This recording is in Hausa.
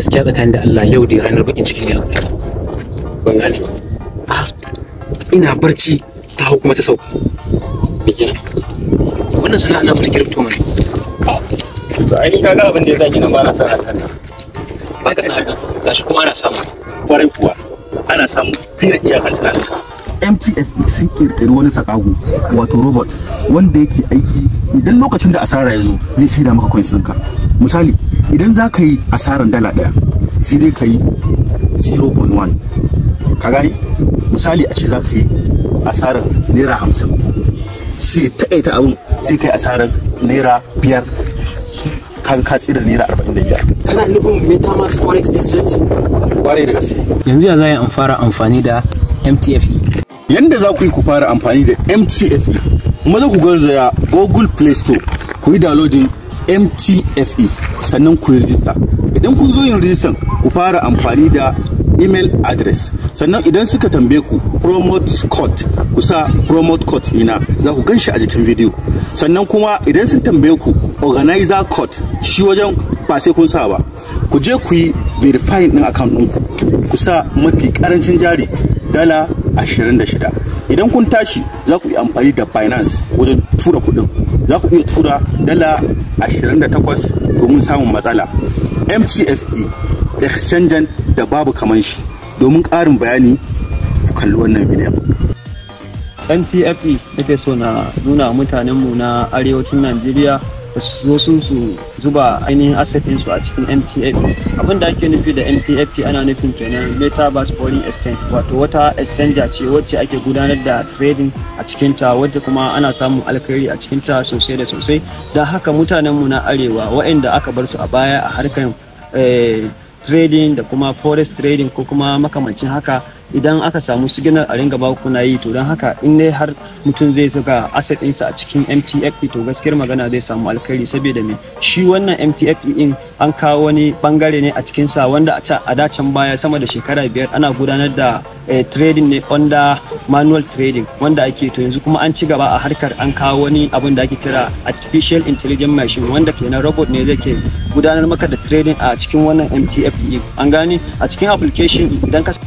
gaskiya tsakanin da Allah yau da ranar bakin ciki ne a ban gane ba ah, ina barci ta hau kuma ta sauka me kenan wannan sana'a na fita kirifto mana to ai ka ga abin da ya zaki nan ba na san hakan nan ba ka san hakan gashi kuma ana samu kwarai kuwa ana samu fiye da iyakan tunaninka MTF sun kirkiri wani sakago wato robot wanda yake aiki idan lokacin da asara ya zo zai shaida maka coins ɗinka misali idan za ka yi asarar dala ɗaya sai dai ka yi 0.1 ka gani misali a ce za ka yi asarar naira hamsin sai taƙaita abin sai ka yi asarar naira biyar kaga ka tsira naira arba'in da biyar kana nufin metamask forex exchange kwarai da gaske yanzu ya za an fara amfani da mtfe yanda za ku yi ku fara amfani da mtfe kuma za ku garzaya google play store ku yi downloading mtfe sannan ku yi rijista idan kun zo yin rijistan ku fara amfani da email address sannan idan suka tambaye ku promote code ku sa promote code ina za ku ganshi a jikin video sannan kuma idan sun tambaye ku organizer code shi wajen ba sai kun sa ba ku je ku yi verifying din account ɗinku ku sa mafi karancin jari dala 26 idan kun tashi za ku yi amfani da binance wajen tura kuɗin za ku iya tura dala 28 domin samun matsala mtfe exchange da babu kaman shi domin ƙarin bayani ku kalli wannan bidiyon mtfe nake so na nuna mutanenmu na arewacin najeriya ba su zo sun su zuba ainihin asafin su a cikin mtf abin da ake nufi da mtf ana nufin kenan metaverse foreign exchange wato wata exchange ce wacce ake gudanar da trading a cikin ta wacce kuma ana samun alkhairi a cikin ta sosai da sosai da haka mutanen mu na arewa waɗanda aka bar su a baya a harkar eh, trading da kuma forest trading ko kuma makamancin haka idan aka samu signal a ringa baku kuna yi to don haka in dai har mutum zai saka asset ɗinsa a cikin mtfp to gaskiyar magana zai samu alkhairi saboda me shi wannan mtfp in an kawo wani bangare ne a cikin sa wanda a dacen baya sama da shekara biyar ana gudanar da eh, trading ne under manual trading wanda ake to yanzu kuma an ci gaba a harkar an kawo wani abin da ake kira artificial intelligence machine wanda kenan robot ne zai ke gudanar maka da trading a cikin wannan mtfp an gane a cikin application idan ka